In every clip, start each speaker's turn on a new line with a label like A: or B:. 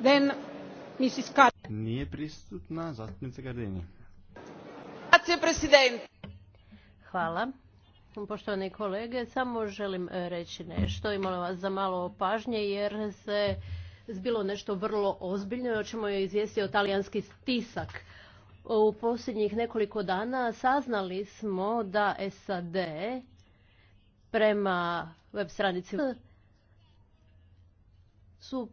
A: Then,
B: Mrs. Nije prisutna Gardini.
A: Hvala. Poštovani kolege, samo želim e, reći nešto i molim vas za malo pažnje jer se zbilo nešto vrlo ozbiljno o čemu je izvijestio talijanski stisak. U posljednjih nekoliko dana saznali smo da SAD prema web stranici su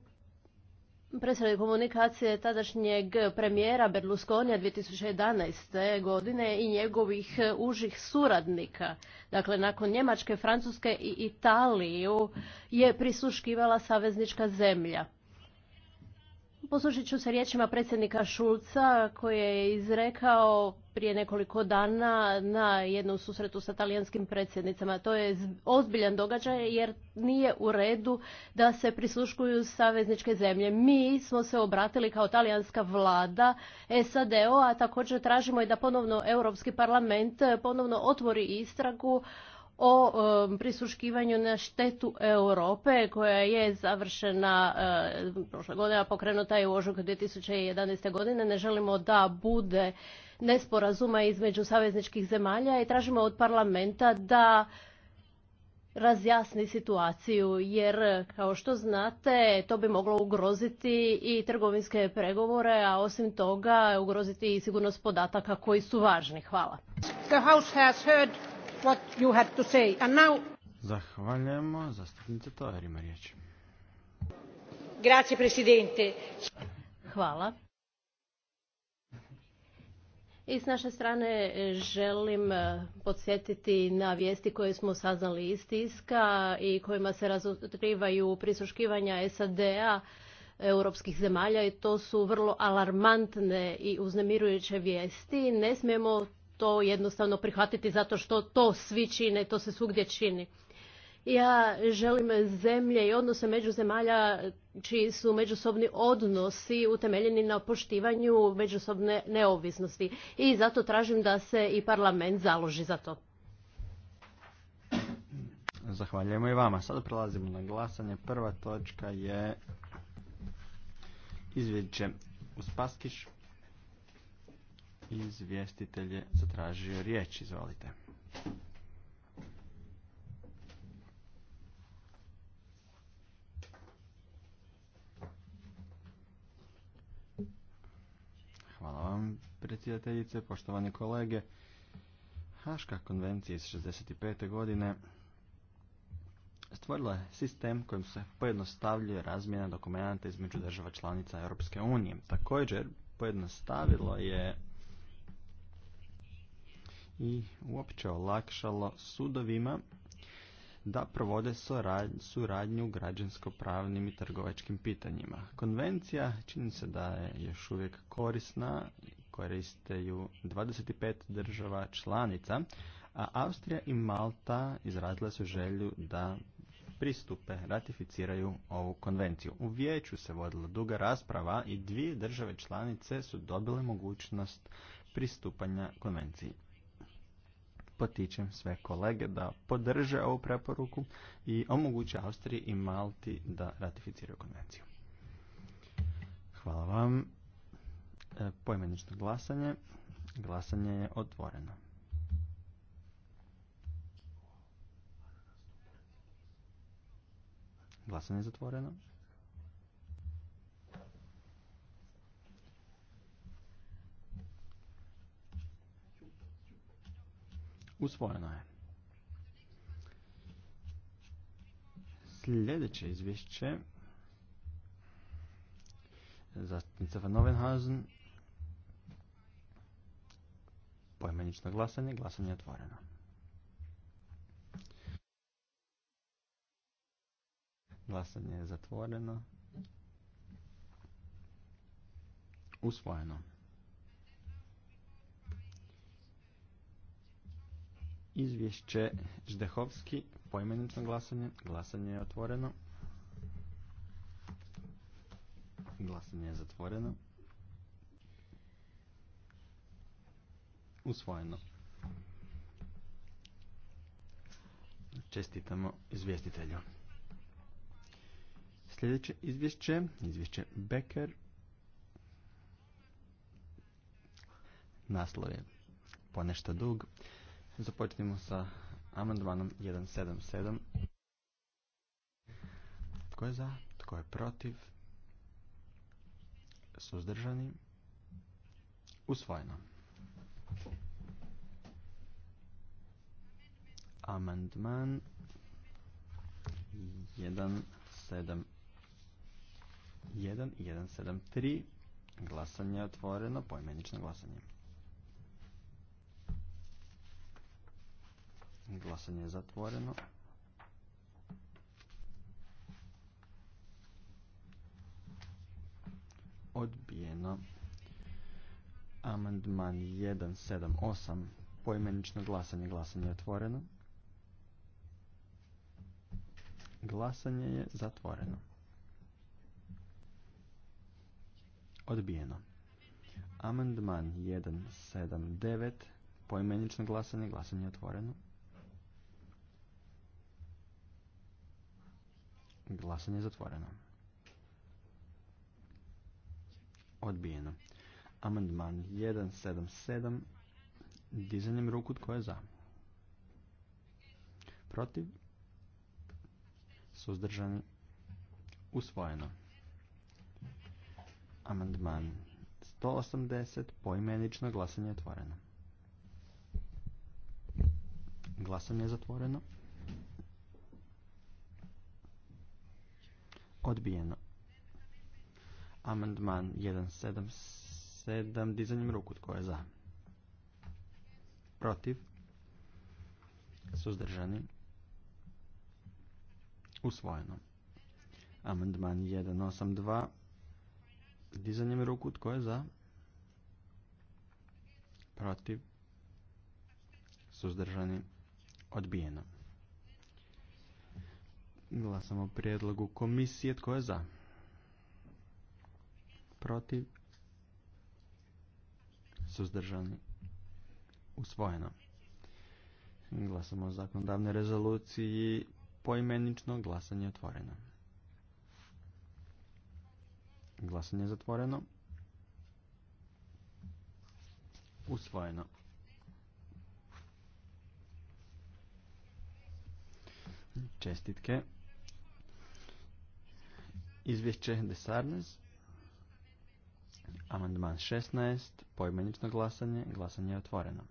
A: Predsjednik komunikacije tadašnjeg premijera Berlusconija 2011. godine i njegovih e, užih suradnika, dakle nakon Njemačke, Francuske i Italiju, je prisuškivala saveznička zemlja. Poslušit ću se riječima predsjednika Šulca koji je izrekao prije nekoliko dana na jednom susretu sa talijanskim predsjednicama. To je ozbiljan događaj jer nije u redu da se prisluškuju savezničke zemlje. Mi smo se obratili kao talijanska vlada SAD-o, a također tražimo i da ponovno Europski parlament ponovno otvori istragu o prisuškivanju na štetu Europe koja je završena prošle godine, a pokrenuta je u ožujku 2011. godine. Ne želimo da bude nesporazuma između savezničkih zemalja i tražimo od parlamenta da razjasni situaciju, jer kao što znate to bi moglo ugroziti i trgovinske pregovore, a osim toga ugroziti i sigurnost podataka koji su važni. Hvala. The what you had to say. And now... Grazie, presidente. Hvala. I s naše strane e, želim e, podsjetiti na vijesti koje smo saznali iz tiska i kojima se razotkrivaju prisuškivanja SAD-a europskih zemalja i to su vrlo alarmantne i uznemirujuće vijesti. Ne smijemo to jednostavno prihvatiti zato što to svi čine, to se svugdje čini. Ja želim zemlje i odnose među zemalja čiji su međusobni odnosi utemeljeni na poštivanju međusobne neovisnosti i zato tražim da se i parlament založi za to.
B: Zahvaljujemo i vama. Sada prelazimo na glasanje. Prva točka je U Uspaskiš izvjestitelj je zatražio riječ. Izvolite. Hvala vam, predsjedateljice, poštovani kolege. Haška konvencija iz 65. godine stvorila je sistem kojim se pojednostavljuje razmjena dokumenta između država članica Europske unije. Također, pojednostavilo je i uopće olakšalo sudovima da provode suradnju u građansko-pravnim i trgovačkim pitanjima. Konvencija čini se da je još uvijek korisna, koriste ju 25 država članica, a Austrija i Malta izrazile su želju da pristupe, ratificiraju ovu konvenciju. U vijeću se vodila duga rasprava i dvije države članice su dobile mogućnost pristupanja konvenciji potičem sve kolege da podrže ovu preporuku i omoguće Austriji i Malti da ratificiraju konvenciju. Hvala vam. E, Pojmenično glasanje. Glasanje je otvoreno. Glasanje je zatvoreno. Usvojeno je. Sljedeće izvješće zastupnica Van Novenhausen pojmenično glasanje, glasanje je otvoreno. Glasanje je zatvoreno. Usvojeno. izvješće Ždehovski, poimenično glasanje. Glasanje je otvoreno. Glasanje je zatvoreno. Usvojeno. Čestitamo izvjestitelju. Sljedeće izvješće, izvješće Becker. Naslov je ponešto dug. Započnimo sa amandmanom 177. Tko je za? Tko je protiv? Suzdržani? Usvojeno. Amandman jedan i tri Glasanje je otvoreno, poimenično glasanje. Glasanje je zatvoreno. Odbijeno. Amandman 178. Poimenično glasanje. Glasanje je otvoreno. Glasanje je zatvoreno. Odbijeno. Amandman 179. Poimenično glasanje. Glasanje je otvoreno. Glasanje je zatvoreno. Odbijeno. Amandman 177. Dizanjem ruku tko je za. Protiv. Suzdržani. Usvojeno. Amandman 180. Poimenično glasanje je otvoreno. Glasanje je zatvoreno. Odbijeno. Amandman 177. Dizanjem ruku. Tko je za? Protiv? Suzdržani? Usvojeno. Amandman 182. Dizanjem ruku. Tko je za? Protiv? Suzdržani? Odbijeno. Glasamo o prijedlogu komisije. Tko je za? Protiv? Suzdržani? Usvojeno. Glasamo o zakonodavnoj rezoluciji. Poimenično glasanje otvoreno. Glasanje je zatvoreno. Usvojeno. Čestitke izvješće Desarnes. Amandman 16, poimenično glasanje, glasanje je otvoreno.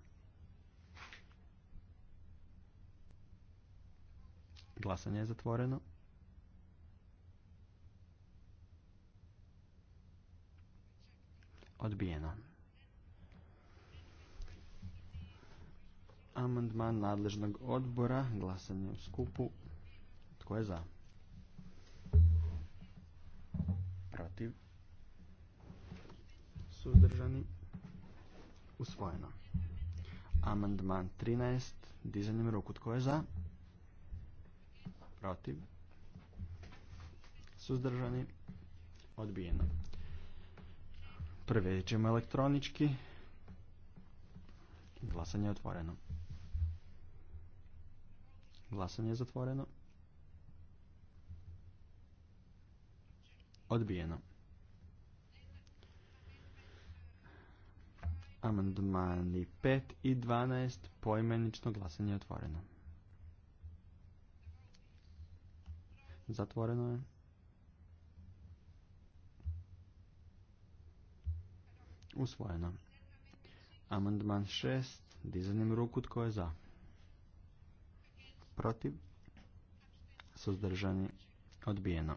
B: Glasanje je zatvoreno. Odbijeno. Amandman nadležnog odbora, glasanje u skupu. Tko je za? protiv, suzdržani, usvojeno. Amandman 13, dizanjem ruku tko je za, protiv, suzdržani, odbijeno. Prevećemo ćemo elektronički. Glasanje je otvoreno. Glasanje je zatvoreno. Odbijeno. Amandmani 5 i 12 poimenično glasanje otvoreno. Zatvoreno je. Usvojeno. Amandman 6. Dizanjem ruku tko je za. Protiv. Suzdržani. Odbijeno.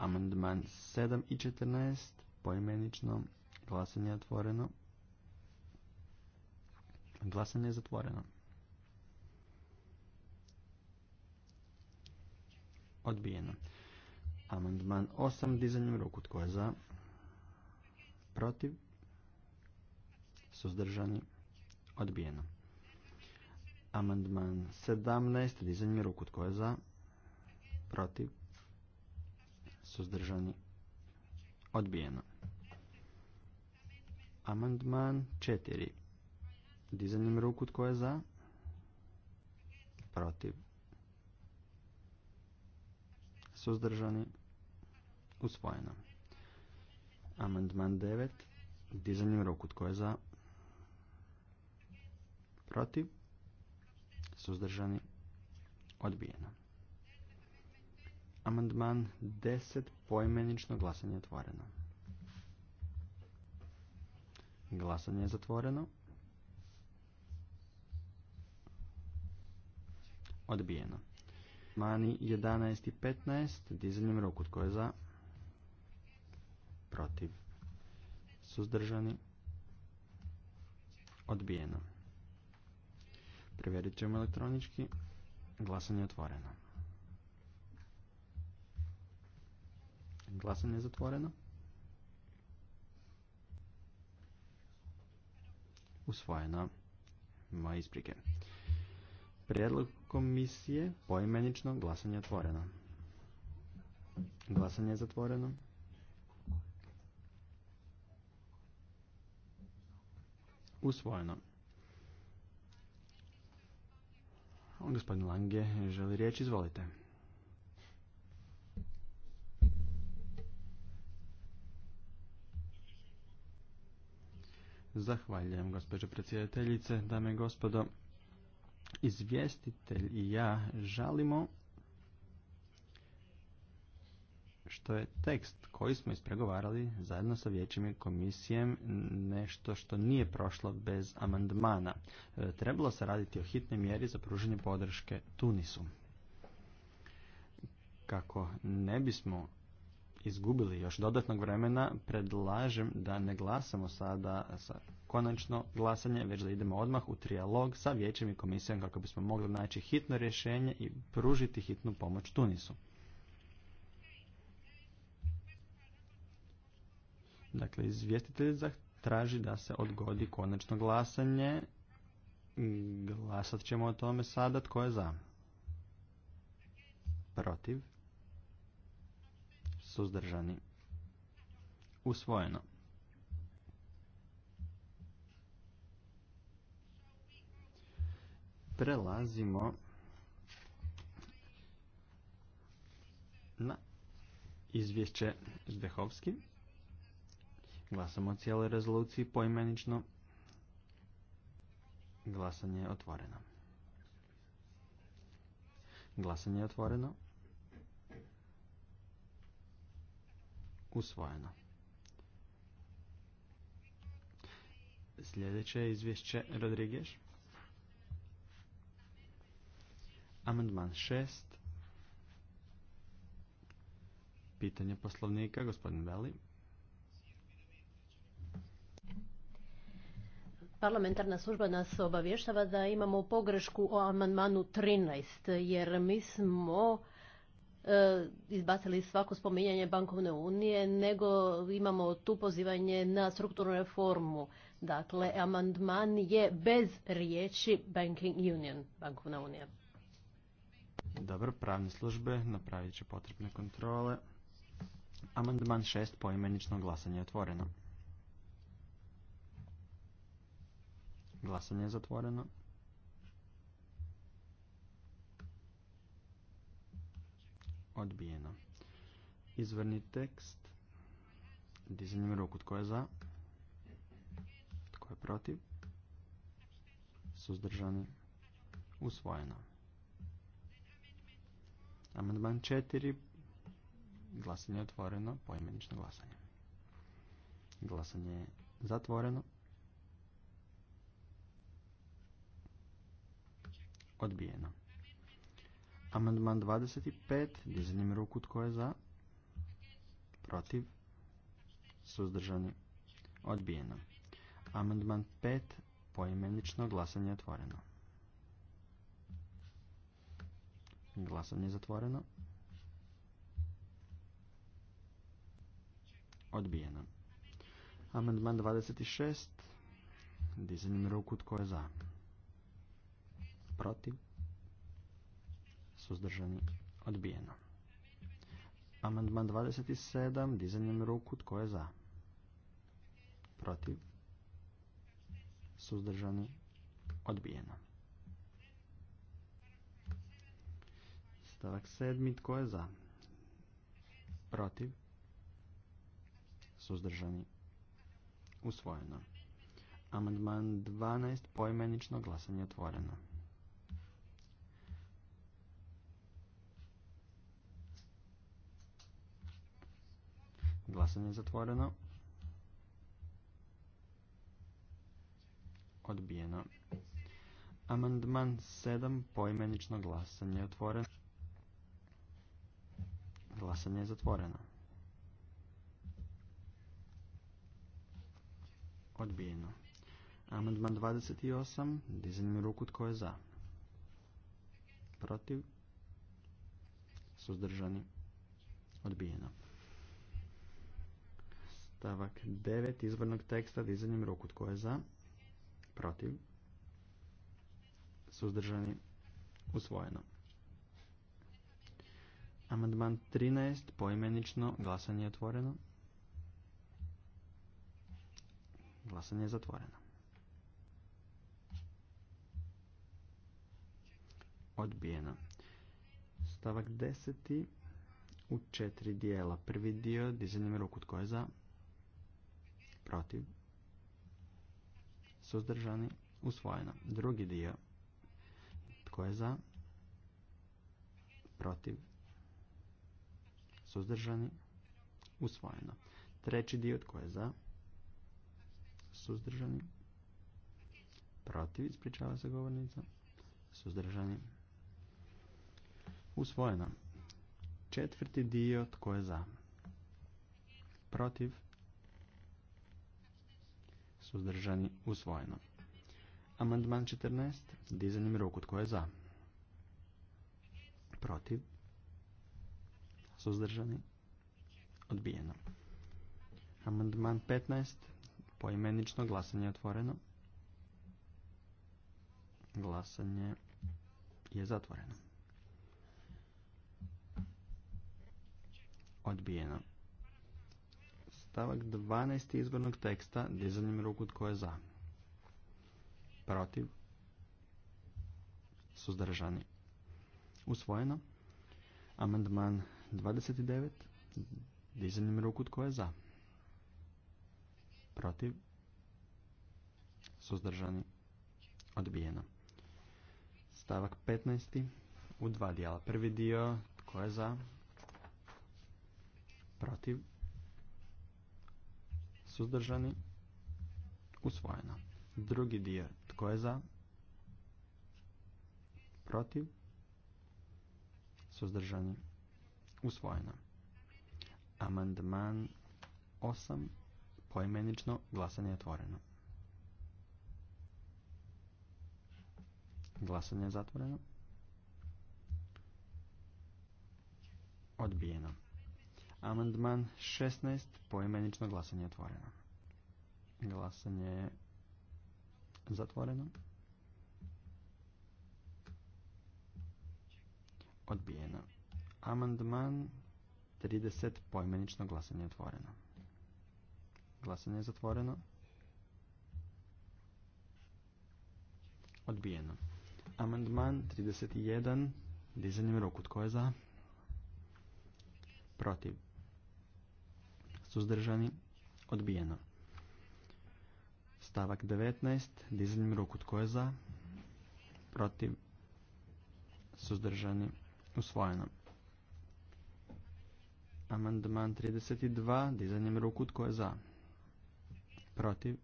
B: Amandman 7 i 14, poimenično, glasanje je otvoreno. Glasanje je zatvoreno. Odbijeno. Amandman 8, dizanjem ruku. Tko je za? Protiv? Suzdržani? Odbijeno. Amandman 17, dizanjem ruku. Tko je za? Protiv? suzdržani, odbijeno. Amandman 4. Dizanjem ruku tko je za? Protiv. Suzdržani. Usvojeno. Amandman 9. Dizanjem ruku tko je za? Protiv. Suzdržani. Odbijeno. Amandman 10. Poimenično glasanje otvoreno. Glasanje je zatvoreno. Odbijeno. Mani 11 i 15. Dizanjem ruku tko je za? Protiv. Suzdržani. Odbijeno. Prevjerit ćemo elektronički. Glasanje je otvoreno. Glasanje je zatvoreno. Usvojeno. Moje isprike. Prijedlog komisije poimenično glasanje je otvoreno. Glasanje je zatvoreno. Usvojeno. Gospodin Lange želi riječ, izvolite. Zahvaljujem gospođo predsjedateljice, dame i gospodo. Izvjestitelj i ja žalimo što je tekst koji smo ispregovarali zajedno sa vijećem i komisijem nešto što nije prošlo bez amandmana. E, trebalo se raditi o hitnoj mjeri za pružanje podrške Tunisu. Kako ne bismo izgubili još dodatnog vremena, predlažem da ne glasamo sada sa konačno glasanje, već da idemo odmah u trijalog sa vijećem i komisijom kako bismo mogli naći hitno rješenje i pružiti hitnu pomoć Tunisu. Dakle, izvjestitelj traži da se odgodi konačno glasanje. Glasat ćemo o tome sada. Tko je za? Protiv? suzdržani. Usvojeno. Prelazimo na izvješće Zdehovski. Glasamo o cijeloj rezoluciji poimenično. Glasanje je otvoreno. Glasanje je otvoreno. usvojeno. Sljedeće je izvješće Rodrigeš. Amandman 6. Pitanje poslovnika, gospodin Veli.
A: Parlamentarna služba nas obavještava da imamo pogrešku o amandmanu 13, jer mi smo E, izbacili svako spominjanje bankovne unije, nego imamo tu pozivanje na strukturnu reformu. Dakle, amandman je bez riječi Banking Union, bankovna unija.
B: Dobro, pravne službe napravit će potrebne kontrole. Amandman 6 poimenično glasanje je otvoreno. Glasanje je zatvoreno. Odbijeno. Izvrni tekst. Dizanjem ruku. Tko je za? Tko je protiv? Suzdržani. Usvojeno. Amandman 4. Glasanje je otvoreno. Poimenično glasanje. Glasanje je zatvoreno. Odbijeno. Amandman 25, dizanjem ruku tko je za, protiv, suzdržani, odbijeno. Amandman 5, poimenično glasanje otvoreno. Glasanje zatvoreno. Odbijeno. Amandman 26, dizanjem ruku tko je za, protiv, suzdržani, odbijeno. Amandman 27, dizanjem ruku, tko je za? Protiv, suzdržani, odbijeno. Stavak 7, tko je za? Protiv, suzdržani, usvojeno. Amandman 12, Pojmenično glasanje otvoreno. Glasanje je zatvoreno. Odbijeno. Amandman 7. Poimenično glasanje je otvoreno. Glasanje je zatvoreno. Odbijeno. Amandman 28. Dizanjem ruku tko je za. Protiv. Suzdržani. Odbijeno stavak 9 izvornog teksta dizanjem ruku tko je za, protiv, suzdržani, usvojeno. Amandman 13, poimenično, glasanje je otvoreno. Glasanje je zatvoreno. Odbijeno. Stavak 10. U četiri dijela. Prvi dio, dizanjem ruku tko je za, protiv, suzdržani, usvojeno. Drugi dio, tko je za, protiv, suzdržani, usvojeno. Treći dio, tko je za, suzdržani, protiv, ispričava se govornica, suzdržani, usvojeno. Četvrti dio, tko je za, protiv, suzdržani, usvojeno. Amandman 14, dizanjem ruku, tko je za? Protiv, suzdržani, odbijeno. Amandman 15, poimenično glasanje je otvoreno. Glasanje je zatvoreno. Odbijeno stavak 12. izbornog teksta dizanjem ruku tko je za. Protiv. Suzdržani. Usvojeno. Amandman 29. Dizanjem ruku tko je za. Protiv. Suzdržani. Odbijeno. Stavak 15. U dva dijela. Prvi dio tko je za. Protiv Suzdržani? Usvojeno. Drugi dio. Tko je za? Protiv? Suzdržani? Usvojeno. Amandman 8. Poimenično glasanje je otvoreno. Glasanje je zatvoreno. Odbijeno. Amandman 16, poimenično glasanje je otvoreno. Glasanje je zatvoreno. Odbijeno. Amandman 30, poimenično glasanje otvoreno. Glasanje je zatvoreno. Odbijeno. Amandman 31, dizanjem ruku. Tko je za? Protiv suzdržani, odbijeno. Stavak 19, dizanjem ruku tko je za, protiv, suzdržani, usvojeno. Amandman 32, dizanjem ruku tko je za, protiv,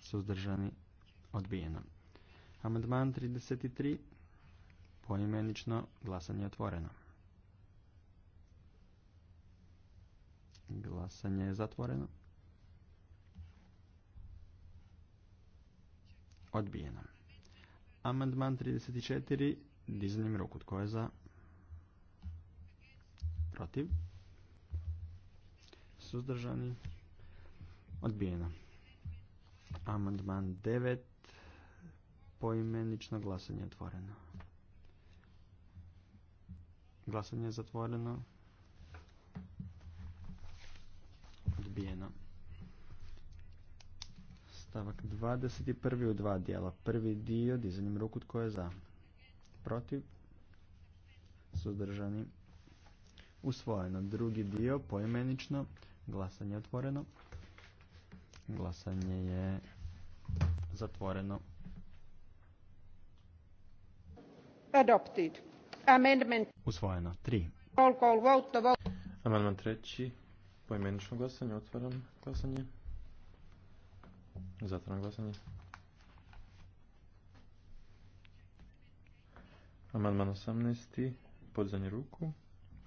B: suzdržani, odbijeno. Amandman 33, poimenično glasanje otvoreno. Glasanje je zatvoreno. Odbijeno. Amandman 34. Dizanjem ruku. Tko je za? Protiv? Suzdržani? Odbijeno. Amandman 9. Poimenično glasanje je otvoreno. Glasanje je zatvoreno. odbijeno. Stavak 21. u dva dijela. Prvi dio, dizanjem ruku tko je za. Protiv, suzdržani, usvojeno. Drugi dio, poimenično, glasanje otvoreno. Glasanje je zatvoreno.
C: Adopted. Amendment.
B: Usvojeno. Tri.
C: Call, call vote.
D: vote. treći. Poimenično glasanje, otvaram glasanje. Zatvaram glasanje. Amandman 18. Podizanje ruku.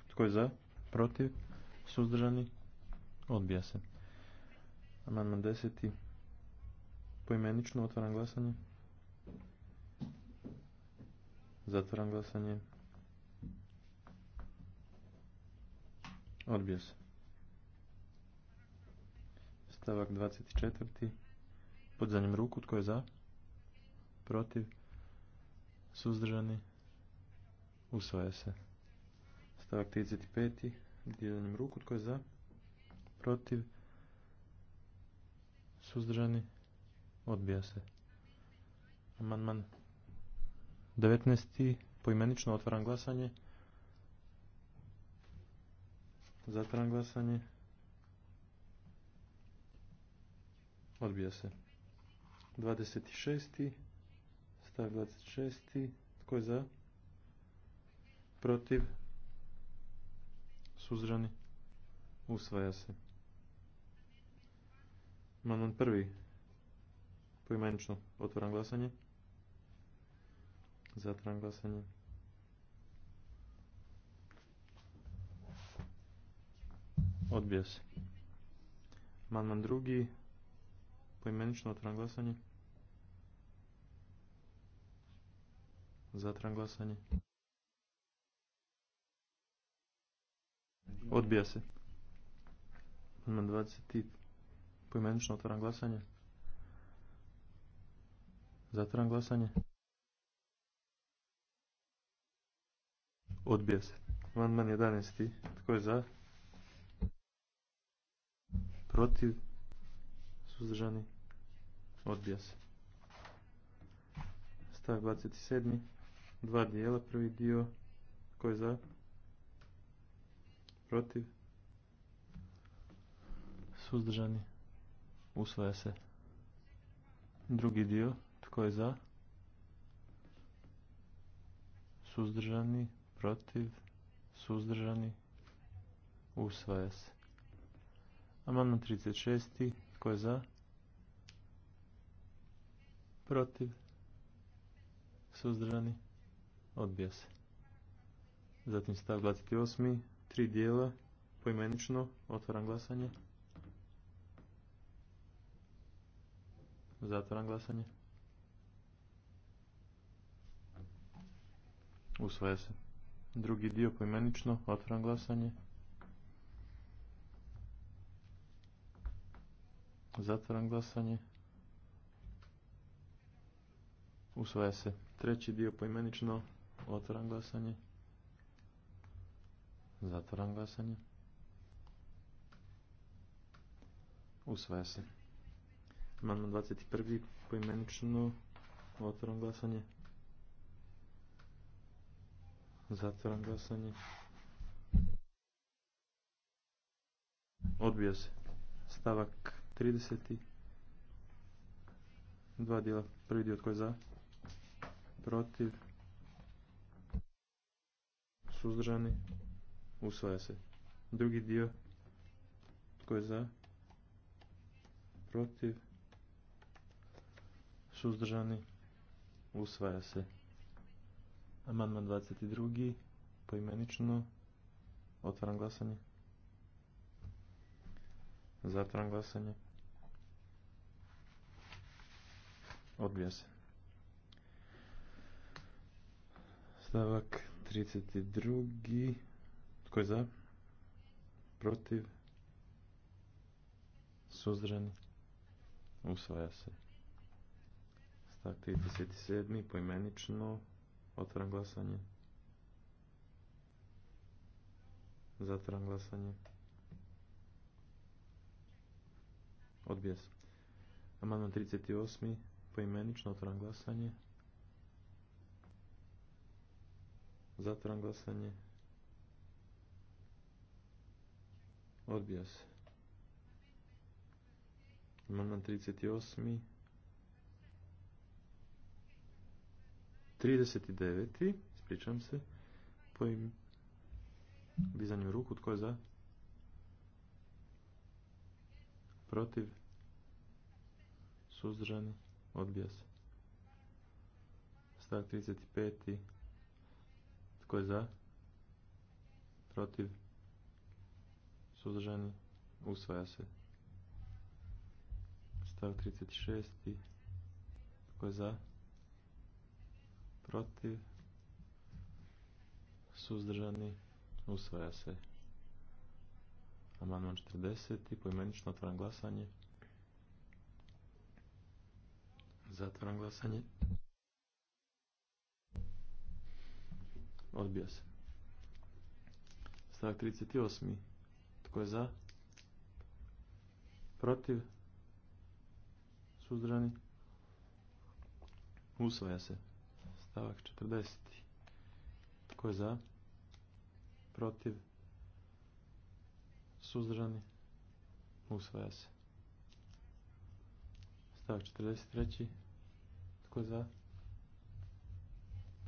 D: Tko je za? Protiv? Suzdržani? Odbija se. Amandman 10. Poimenično otvaram glasanje. Zatvaram glasanje. Odbija se stavak 24. Podizanjem ruku, tko je za? Protiv? Suzdržani? Usvaja se. Stavak 35. Podizanjem ruku, tko je za? Protiv? Suzdržani? Odbija se. Amandman 19. Poimenično otvaram glasanje. Zatvaram glasanje. Odbija se. 26. Stav 26. Tko je za? Protiv? Suzrani? Usvaja se. Manon prvi. Poimenično Otvoran glasanje. Zatvaram glasanje. Odbija se. Amandman drugi, Poimenično otvaram glasanje. zatran glasanje. Odbija se. Amandman 20. Poimenično otvoram glasanje. Zatvaram glasanje. Odbija se. Amandman 11. Tko je za? Protiv? Suzdržani? Odbija se. Stavak 27. Dva dijela. Prvi dio. Tko je za? Protiv? Suzdržani. Usvaja se. Drugi dio. Tko je za? Suzdržani. Protiv? Suzdržani. Usvaja se. Amandman 36. Tko je za? protiv, suzdržani, odbija se. Zatim stav 28. Tri dijela, poimenično, otvaram glasanje. Zatvaram glasanje. Usvaja se. Drugi dio poimenično, otvaram glasanje. Zatvaram glasanje. Usvaja se. Treći dio poimenično. Otvoran glasanje. Zatvoran glasanje. Usvaja se. Amandman 21. poimenično. Otvoran glasanje. Zatvoran glasanje. Odbija se. Stavak 30. Dva dijela. Prvi dio tko je za? protiv, suzdržani, usvaja se. Drugi dio, tko je za, protiv, suzdržani, usvaja se. Amandman 22. poimenično, otvaram glasanje. Zatvaram glasanje. Odbija se. Stavak 32. Tko je za? Protiv? Suzdržan? Usvaja se. Stavak 37. Poimenično. Otvaram glasanje. Zatvaram glasanje. Odbija se. Amandman 38. Poimenično. Otvaram glasanje. Zatvoram glasanje. Odbija se. Amandman 38. 39. Ispričam se. Pojim dizanjem ruku. Tko je za? Protiv? Suzdržani? Odbija se. Stavak 35. Tko je za? Protiv? Suzdržani? Usvaja se. Stav 36. Tko je za? Protiv? Suzdržani? Usvaja se. Amandman 40. Poimenično otvoran glasanje. Zatvoran glasanje. Odbija se. Stavak 38. Tko je za? Protiv? Suzdrani? Usvaja se. Stavak 40. Tko je za? Protiv? Suzdrani? Usvaja se. Stavak 43. Tko je za?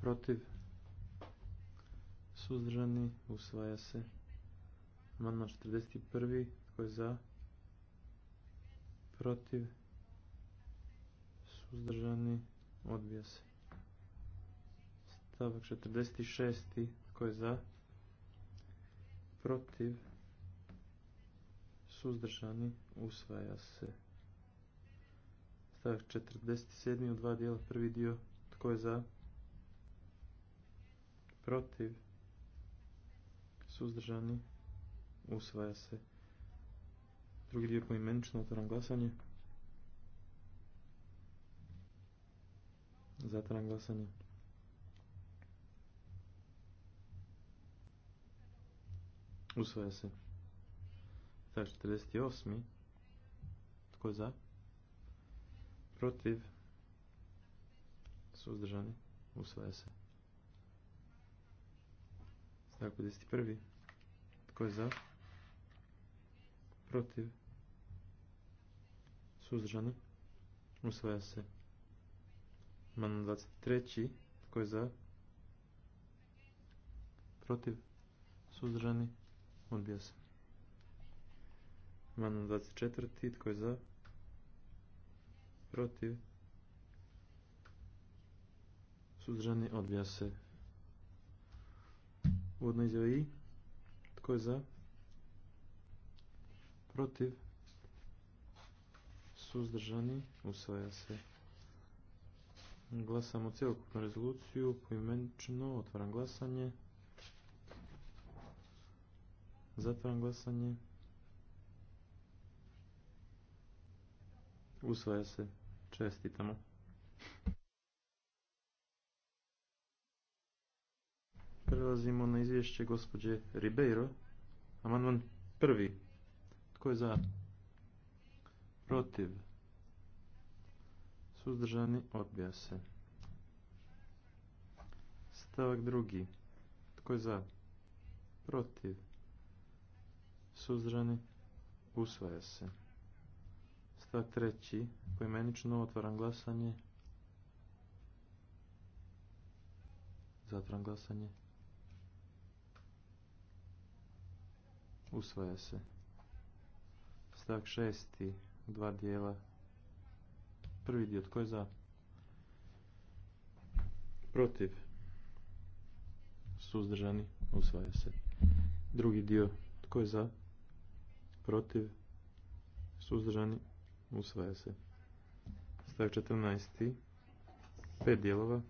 D: Protiv? suzdržani, usvaja se. Amandman 41. Tko je za? Protiv? Suzdržani? Odbija se. Stavak 46. Tko je za? Protiv? Suzdržani? Usvaja se. Stavak 47. u dva dijela. Prvi dio. Tko je za? Protiv? suzdržani, usvaja se. Drugi dio poimenično, otvaram glasanje. Zatvaram glasanje. Usvaja se. Tak, 48. Tko je za? Protiv. Suzdržani. Usvaja se. Tako, dakle, prvi Tko je za? Protiv? Suzdržano? Usvaja se. Manon 23. Tko je za? Protiv? Suzdržani? Odbija se. Man 24. Tko je za? Protiv? Suzdržani? Odbija se. Uvodna izjava i. Tko je za? Protiv? Suzdržani? Usvaja se. Glasamo cjelokupnu rezoluciju. Poimenično otvaram glasanje. Zatvaram glasanje. Usvaja se. Čestitamo. Prelazimo na izvješće gospođe Ribeiro. Amandman prvi. Tko je za? Protiv. Suzdržani odbija se. Stavak drugi. Tko je za? Protiv. Suzdržani usvaja se. Stavak treći. Poimenično otvaram glasanje. Zatvaram glasanje. Usvaja se. Stavak šesti, dva dijela. Prvi dio, tko je za? Protiv. Suzdržani. Usvaja se. Drugi dio, tko je za? Protiv. Suzdržani. Usvaja se. Stavak četrnaesti. Pet dijelova.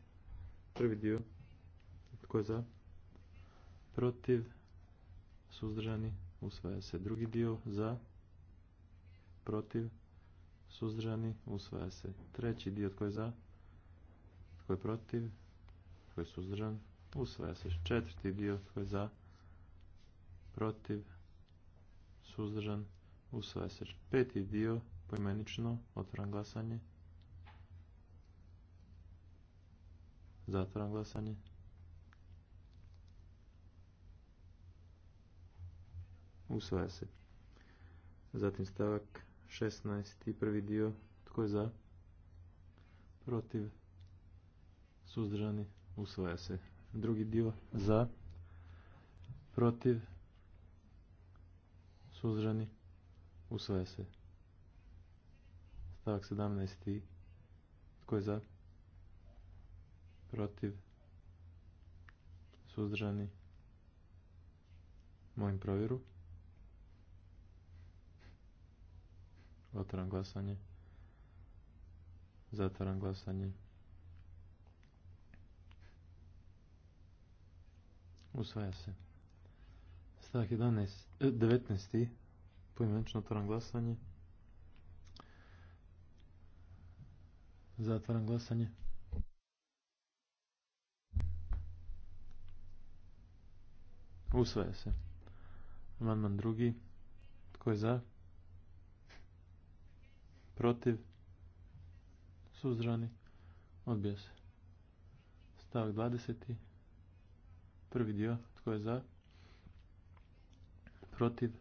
D: Prvi dio, tko je za? Protiv. Suzdržani usvaja se drugi dio za protiv suzdržani usvaja se treći dio tko je za tko je protiv tko je suzdržan usvaja se četvrti dio tko je za protiv suzdržan usvaja se peti dio poimenično otvaram glasanje zatvoran glasanje Usvaja se. Zatim stavak 16. prvi dio. Tko je za? Protiv. Suzdržani. Usvaja se. Drugi dio. Za. Protiv. Suzdržani. Usvaja se. Stavak 17. Tko je za? Protiv. Suzdržani. mojim provjeru. Otvaram glasanje. Zatvaram glasanje. Usvaja se. Stavak 11, 19. E, Poimenično otvaram glasanje. Zatvaram glasanje. Usvaja se. Amandman drugi. Tko je za? protiv, suzrani odbija se. Stavak 20. Prvi dio, tko je za, protiv,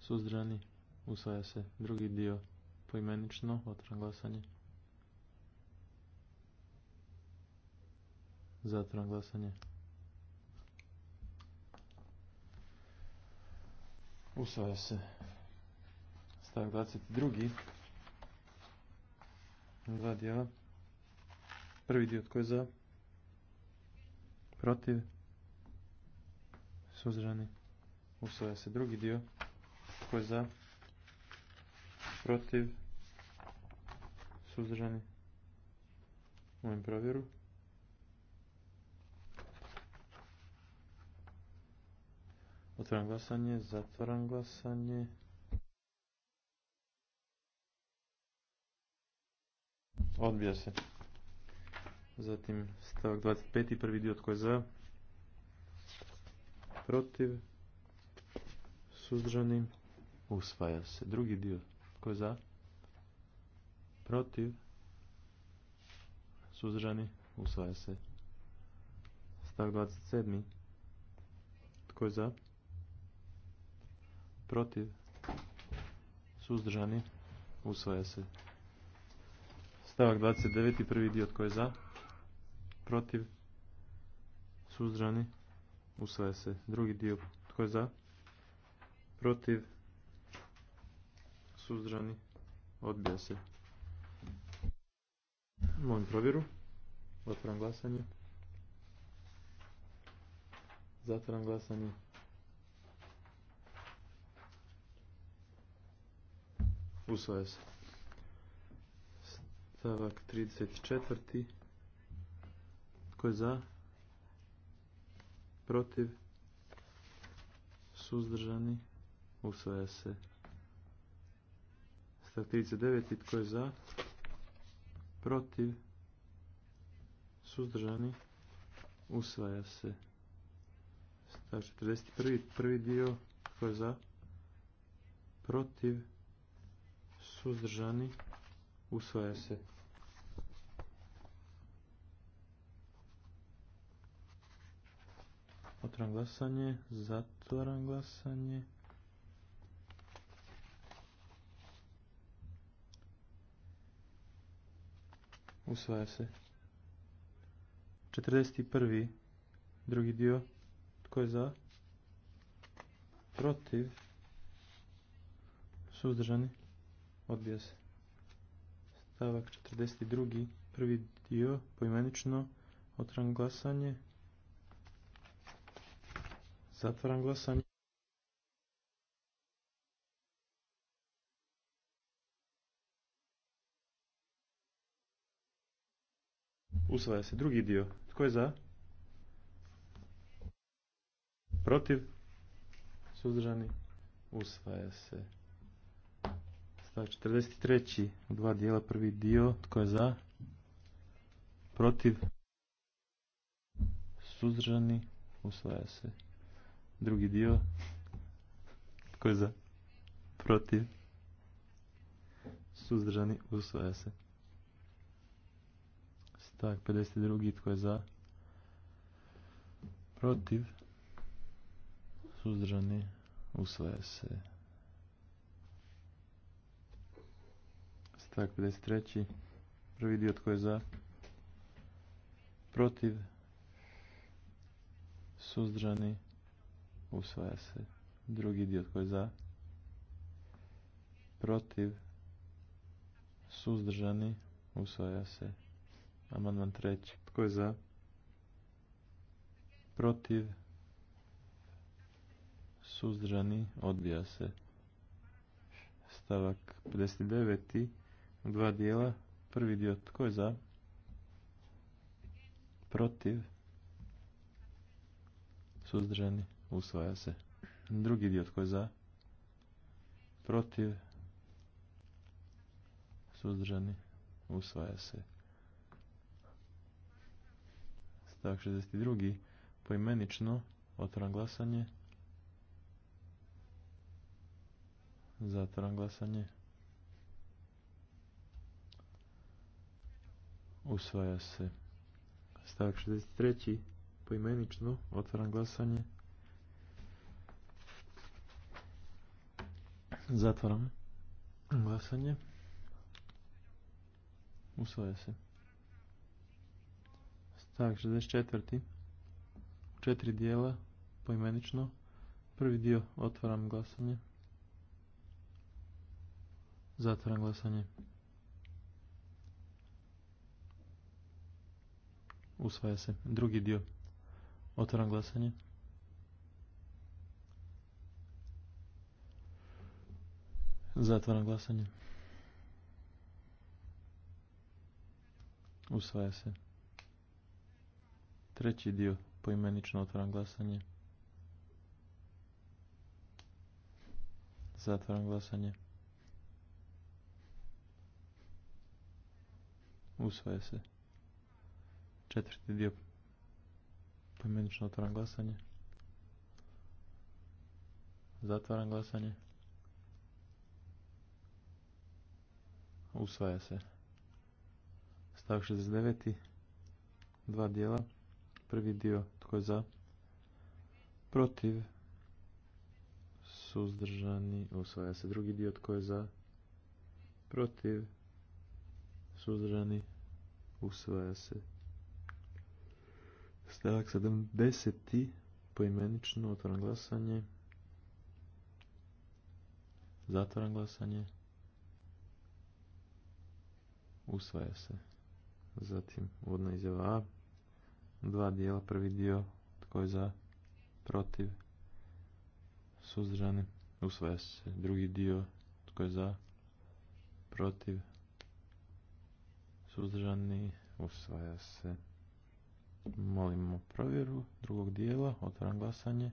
D: Suzdrani, usvaja se. Drugi dio, poimenično, otvoram glasanje. Zatvoram glasanje. Usvaja se. Stavak 22. Dva dijela. Prvi dio tko je za? Protiv? Suzdržani? Usvaja se drugi dio. Tko je za? Protiv? Suzdržani? Molim provjeru. Otvaram glasanje, zatvaram glasanje. Odbija se. Zatim stavak 25. Prvi dio tko je za. Protiv. Suzdržani. Usvaja se. Drugi dio tko je za. Protiv. Suzdržani. Usvaja se. Stavak 27. Tko je za? Protiv. Suzdržani. Usvaja se. Stavak 29. prvi dio tko je za? Protiv? Suzdrani? Usvaja se. Drugi dio tko je za? Protiv? Suzdrani? Odbija se. Molim provjeru. Otvaram glasanje. Zatvaram glasanje. Usvaja se stavak 34. Tko je za? Protiv? Suzdržani? Usvaja se. Stavak 39. Tko je za? Protiv? Suzdržani? Usvaja se. Stavak 41. Prvi dio. Tko je za? Protiv? Suzdržani? usvaja se. Otvaram glasanje, zatvaram glasanje. Usvaja se. 41. Drugi dio. Tko je za? Protiv. Suzdržani. Odbija se stavak 42. prvi dio poimenično otvaram glasanje zatvaram glasanje Usvaja se drugi dio. Tko je za? Protiv? Suzdržani? Usvaja se. 43. dva dijela, prvi dio, tko je za? Protiv? Suzdržani? Usvaja se. Drugi dio, tko je za? Protiv? Suzdržani? Usvaja se. Stak 52. tko je za? Protiv? Suzdržani? Usvaja se. stavak 53. Prvi dio tko je za? Protiv? Suzdržani? Usvaja se. Drugi dio tko je za? Protiv? Suzdržani? Usvaja se. Amandman treći. Tko je za? Protiv? Suzdržani? Odbija se. Stavak 59 dva dijela. Prvi dio tko je za? Protiv? Suzdržani? Usvaja se. Drugi dio tko je za? Protiv? Suzdržani? Usvaja se. Stavak 62. Poimenično otvoran glasanje. Zatvoran glasanje. Usvaja se. Stavak 63. Poimenično. Otvaram glasanje. Zatvaram glasanje. Usvaja se. Stavak 64. četiri dijela poimenično. Prvi dio otvaram glasanje. Zatvaram glasanje. Usvaja se. Drugi dio. Otvaram glasanje. Zatvaram glasanje. Usvaja se. Treći dio. Poimenično otvoram glasanje. Zatvaram glasanje. Usvaja se. Četvrti dio pojmenično otvaram glasanje. Zatvaram glasanje. Usvaja se. Stavak 69. Dva dijela. Prvi dio tko je za? Protiv. Suzdržani. Usvaja se. Drugi dio tko je za? Protiv. Suzdržani. Usvaja se. Stavak 70. Poimenično otvoram glasanje. Zatvoram glasanje. Usvaja se. Zatim uvodna izjava Dva dijela. Prvi dio tko je za protiv suzdržani. Usvaja se. Drugi dio tko je za protiv suzdržani. Usvaja se. Molimo provjeru drugog dijela. Otvaram glasanje.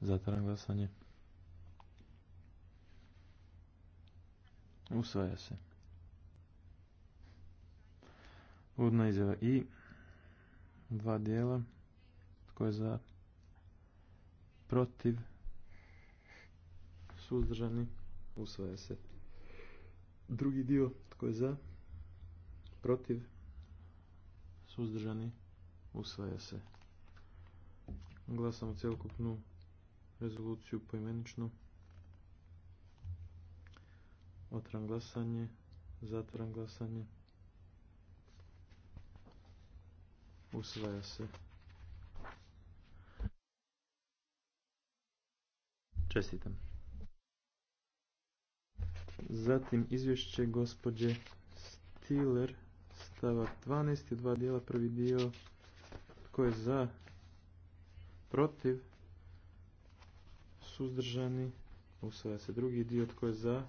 D: Zatvaram glasanje. Usvaja se. Udno izjava i dva dijela. Tko je za? Protiv? Suzdržani? Usvaja se. Drugi dio. Tko je za? Protiv? Suzdržani? Usvaja se. Glasamo cjelokupnu rezoluciju poimeničnu. Otvaram glasanje. Zatvaram glasanje. Usvaja se. Čestitam. Zatim izvješće gospođe Stiller, stava 12, dva dijela, prvi dio, tko je za, protiv, suzdržani, usvaja se drugi dio, tko je za,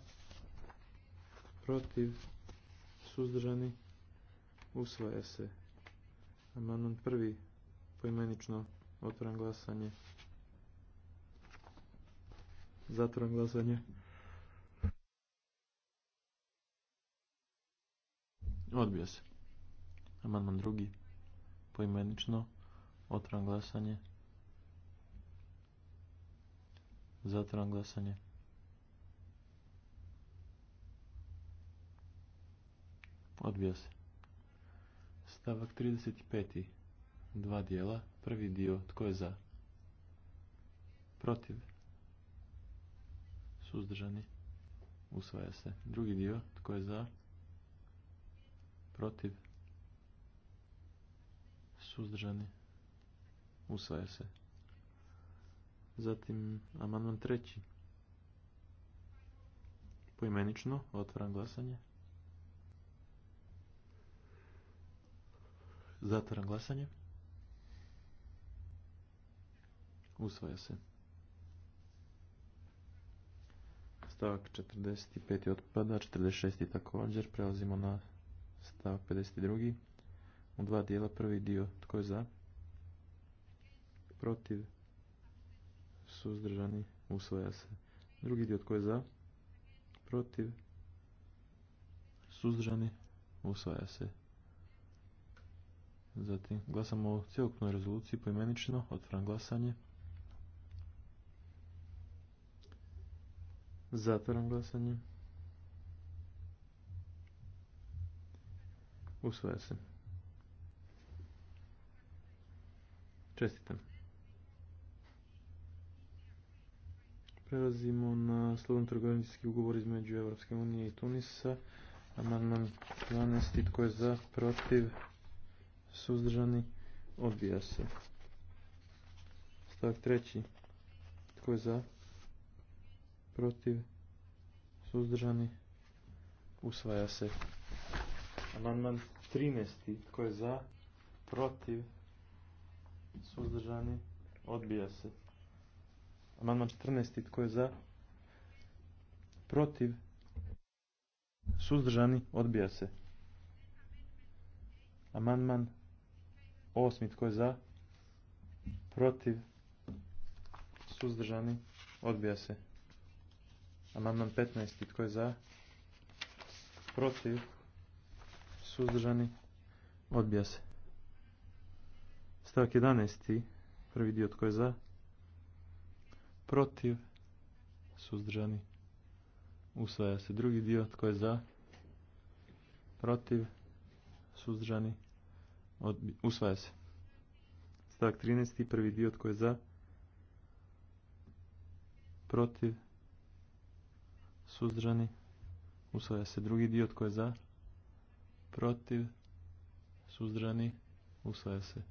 D: protiv, suzdržani, usvaja se. Amandman prvi, poimenično, otvoran glasanje, zatvoran glasanje. Odbio se. Amandman drugi. Poimenično. Otvaram glasanje. Zatvaram glasanje. Odbija se. Stavak 35. Dva dijela. Prvi dio. Tko je za? Protiv. Suzdržani. Usvaja se. Drugi dio. Tko je za? protiv, suzdržani, usvaja se. Zatim amandman treći. Poimenično otvaram glasanje. Zatvaram glasanje. Usvaja se. Stavak 45. otpada, 46. također. Prelazimo na stavak 52. U dva dijela prvi dio tko je za? Protiv? Suzdržani? Usvaja se. Drugi dio tko je za? Protiv? Suzdržani? Usvaja se. Zatim glasamo o cijelokupnoj rezoluciji poimenično. Otvaram glasanje. Zatvaram glasanje. Usvaja se. Čestitam. Prelazimo na slobodan trgovinski ugovor između Europske unije i Tunisa. Amandman 12. Tko je za, protiv, suzdržani, odbija se. Stavak 3. Tko je za, protiv, suzdržani, usvaja se. Amandman 13. Tko je za? Protiv? Suzdržani? Odbija se. Amandman 14. Tko je za? Protiv? Suzdržani? Odbija se. Amandman 8. Tko je za? Protiv? Suzdržani? Odbija se. Amandman 15. Tko je za? Protiv? suzdržani, odbija se. Stavak 11. Prvi dio tko je za, protiv, suzdržani, usvaja se. Drugi dio tko je za, protiv, suzdržani, usvaja se. Stavak 13. Prvi dio tko je za, protiv, suzdržani, usvaja se. Drugi dio tko je za, protiv, suzdrani usvaja se.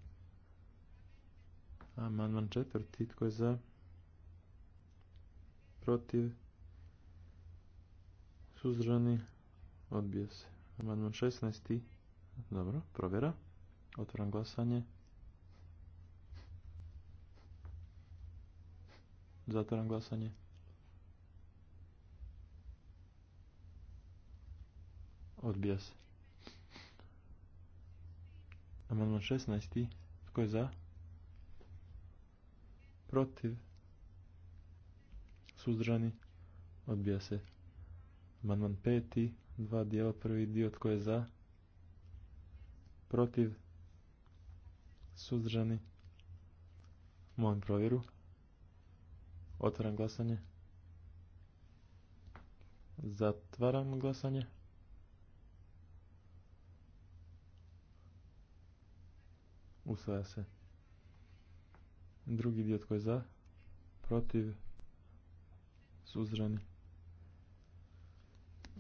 D: Amandman četvrti, tko je za, protiv, suzdrani odbija se. Amandman šestnaesti, dobro, provjera, otvoram glasanje. Zatvaram glasanje. Odbija se. Amandman 16. Tko je za? Protiv? Suzdržani? Odbija se. Amandman 5. Dva dijela. Prvi dio. Tko je za? Protiv? Suzdržani? Molim provjeru. Otvaram glasanje. Zatvaram glasanje. Usvaja se. Drugi dio tko je za? Protiv? Suzrani?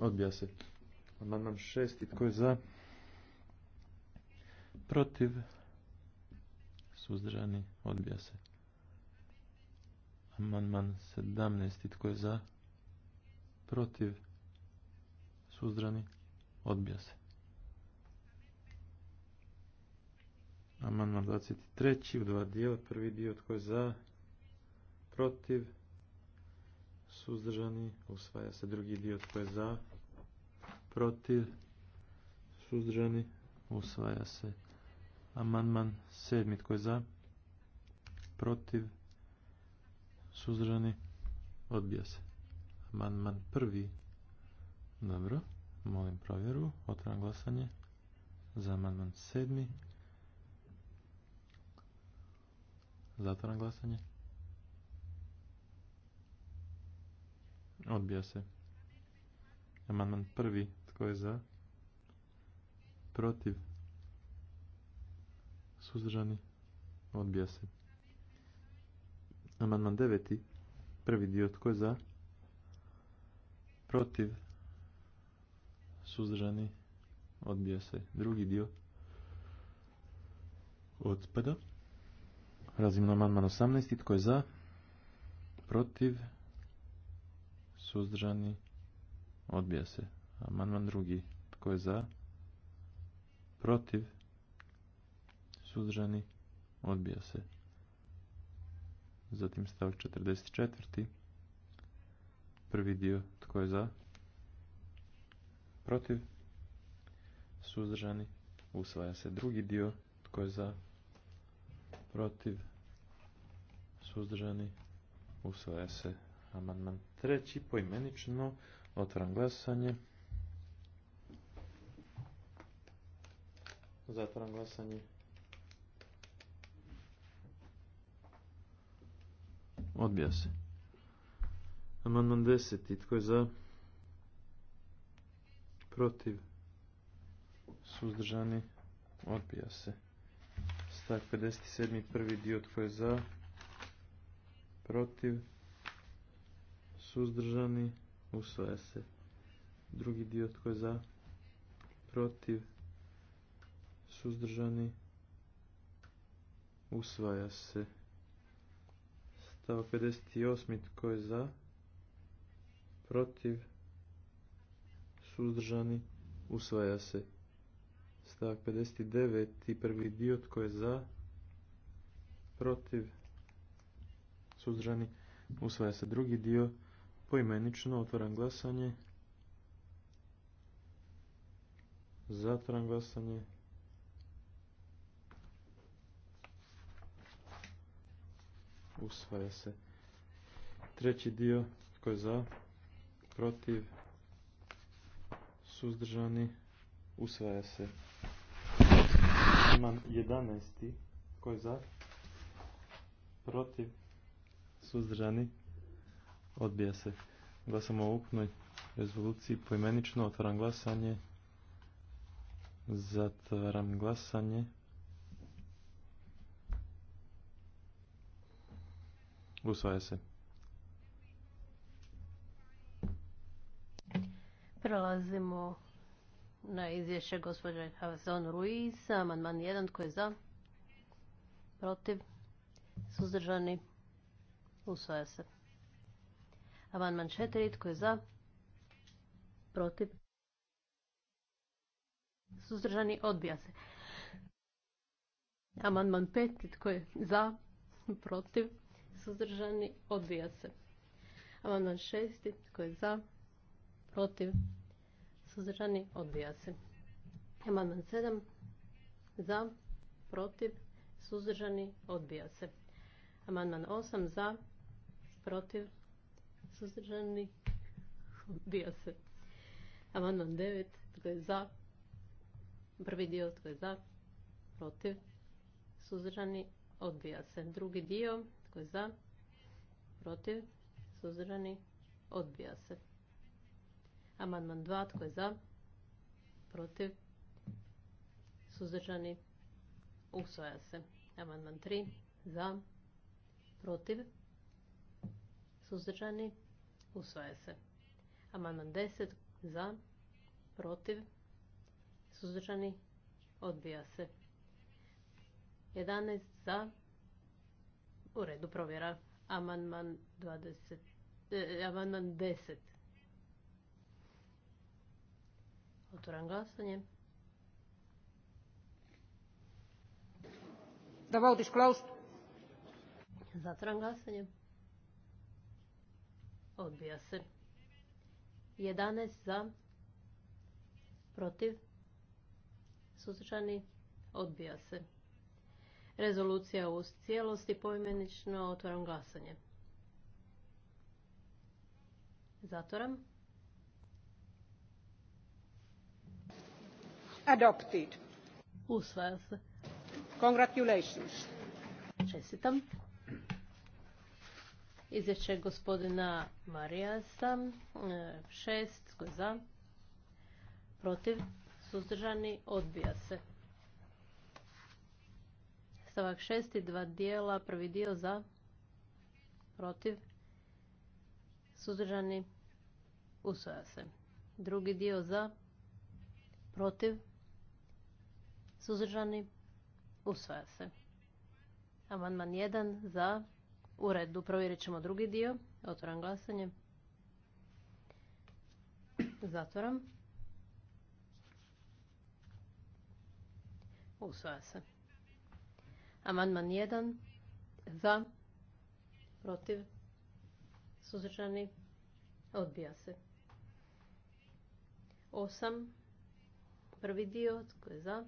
D: Odbija se. Amandman šesti tko je za? Protiv? Suzrani? Odbija se. Amandman sedamnesti tko je za? Protiv? Suzrani? Odbija se. Amandman 23. u dva dijela. Prvi dio tko je za, protiv, suzdržani. Usvaja se drugi dio tko je za, protiv, suzdržani. Usvaja se amandman sedmi tko je za, protiv, suzdržani. Odbija se. Amandman prvi. Dobro. Molim provjeru. Otvaram glasanje. Za amandman sedmi. Zatvaram glasanje. Odbija se. Amandman prvi. Tko je za? Protiv. Suzdržani. Odbija se. Amandman deveti. Prvi dio. Tko je za? Protiv. Suzdržani. Odbija se. Drugi dio. Odpada. Prelazimo na amandman 18. Tko je za? Protiv? Suzdržani? Odbija se. Amandman drugi. Tko je za? Protiv? Suzdržani? Odbija se. Zatim stavak 44. Prvi dio. Tko je za? Protiv? Suzdržani? Usvaja se. Drugi dio. Tko je za? protiv, suzdržani, usvaja se amandman treći, poimenično, otvaram glasanje. Zatvaram glasanje. Odbija se. Amandman deseti, tko je za? Protiv, suzdržani, odbija se stavak 57. prvi dio tko je za, protiv, suzdržani, usvaja se. Drugi dio tko je za, protiv, suzdržani, usvaja se. Stavak 58. tko je za, protiv, suzdržani, usvaja se stavak 59 i prvi dio tko je za protiv suzdržani usvaja se drugi dio poimenično otvoran glasanje zatvaram glasanje usvaja se treći dio tko je za protiv suzdržani usvaja se imam 11. Tko je za? Protiv? Suzdržani? Odbija se. Glasamo o ukupnoj rezoluciji poimenično. Otvaram glasanje. Zatvaram glasanje. Usvaja se.
A: Prelazimo na izvješće gospođa Havazon Ruiz. Amandman 1. Tko je za? Protiv? Suzdržani? Usvaja se. Amandman 4. Tko je za? Protiv? Suzdržani? Odbija se. Amandman 5. Tko je za? Protiv? Suzdržani? Odbija se. Amandman 6. Tko je za? Protiv? suzdržani, odbija se. Amandman 7 za, protiv, suzdržani, odbija se. Amandman 8 za, protiv, suzdržani, odbija se. Amandman 9, tko je za, prvi dio, tko je za, protiv, suzdržani, odbija se. Drugi dio, tko je za, protiv, suzdržani, odbija se. Amandman 2. Tko je za? Protiv? Suzdržani? Usvaja se. Amandman 3. Za? Protiv? Suzdržani? Usvaja se. Amandman 10. Za? Protiv? Suzdržani? Odbija se. 11. Za? U redu provjera. Amandman 20. E, amandman 10. Otvoram glasanje. Da Zatvoram glasanje. Odbija se. 11 za. Protiv. Suzdržani. Odbija se. Rezolucija u cijelosti poimenično otvoram glasanje. Zatvoram. adopted. Usvaja se. Congratulations. Čestitam. Izvješće gospodina Marijasa. E, šest, tko za? Protiv, suzdržani, odbija se. Stavak šest i dva dijela, prvi dio za, protiv, suzdržani, usvaja se. Drugi dio za, protiv, Suzdržani? Usvaja se. Amandman 1 za. Uredu. Provjerit ćemo drugi dio. Otvoram glasanje. Zatvoram. Usvaja se. Amandman 1 za. Protiv. Suzdržani? Odbija se. Osam. Prvi dio. Tko je za?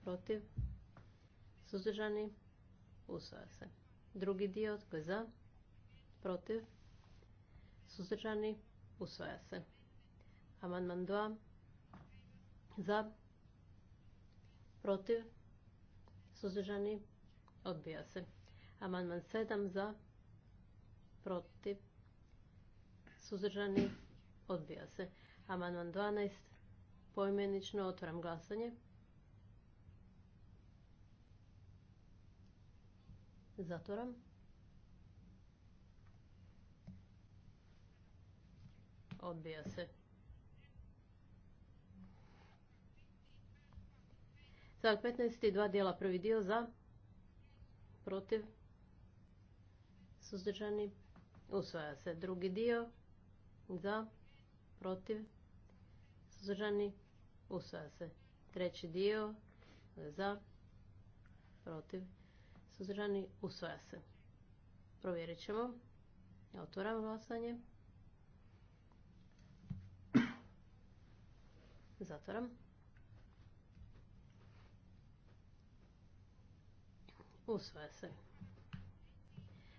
A: protiv, suzdržani, usvaja se. Drugi dio, tko je za, protiv, suzdržani, usvaja se. Amandman 2, za, protiv, suzdržani, odbija se. Amandman 7, za, protiv, suzdržani, odbija se. Amandman 12, pojmenično otvaram glasanje. Zatvoram. Odbija se. Stavak 15. Dva dijela. Prvi dio za. Protiv. Suzdržani. Usvaja se. Drugi dio. Za. Protiv. Suzdržani. Usvaja se. Treći dio. Za. Protiv Suzdržani? Usvaja se. Provjerit ćemo. Otvoram glasanje. Zatvoram. Usvaja se.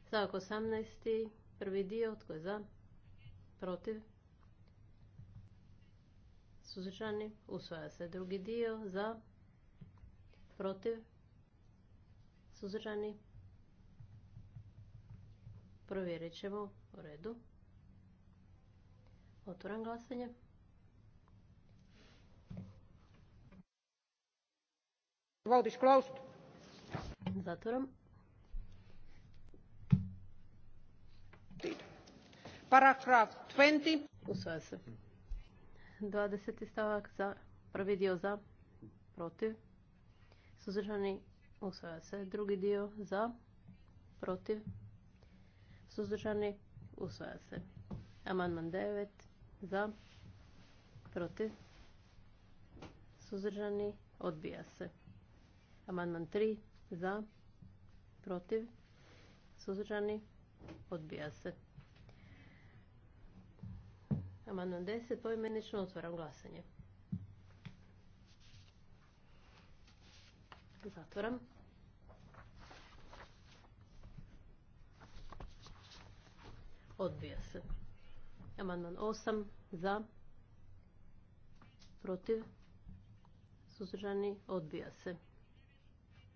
A: Stavak 18. Prvi dio. Tko je za? Protiv? Suzdržani? Usvaja se. Drugi dio. Za? Protiv? Suzdržani? Provjerit ćemo. U redu. Otvoram glasanje. Vote klaust Zatvoram. Paragraf 20. Usvaja se. 20. stavak za prvi dio za protiv. Suzdržani Usvaja se. Drugi dio za, protiv, suzdržani. Usvaja se. Amandman 9 za, protiv, suzdržani. Odbija se. Amandman 3 za, protiv, suzdržani. Odbija se. Amandman 10 poimenično otvaram glasanje. Zatvoram. Odbija se. Amandman 8 za. Protiv. Suzdržani. Odbija se.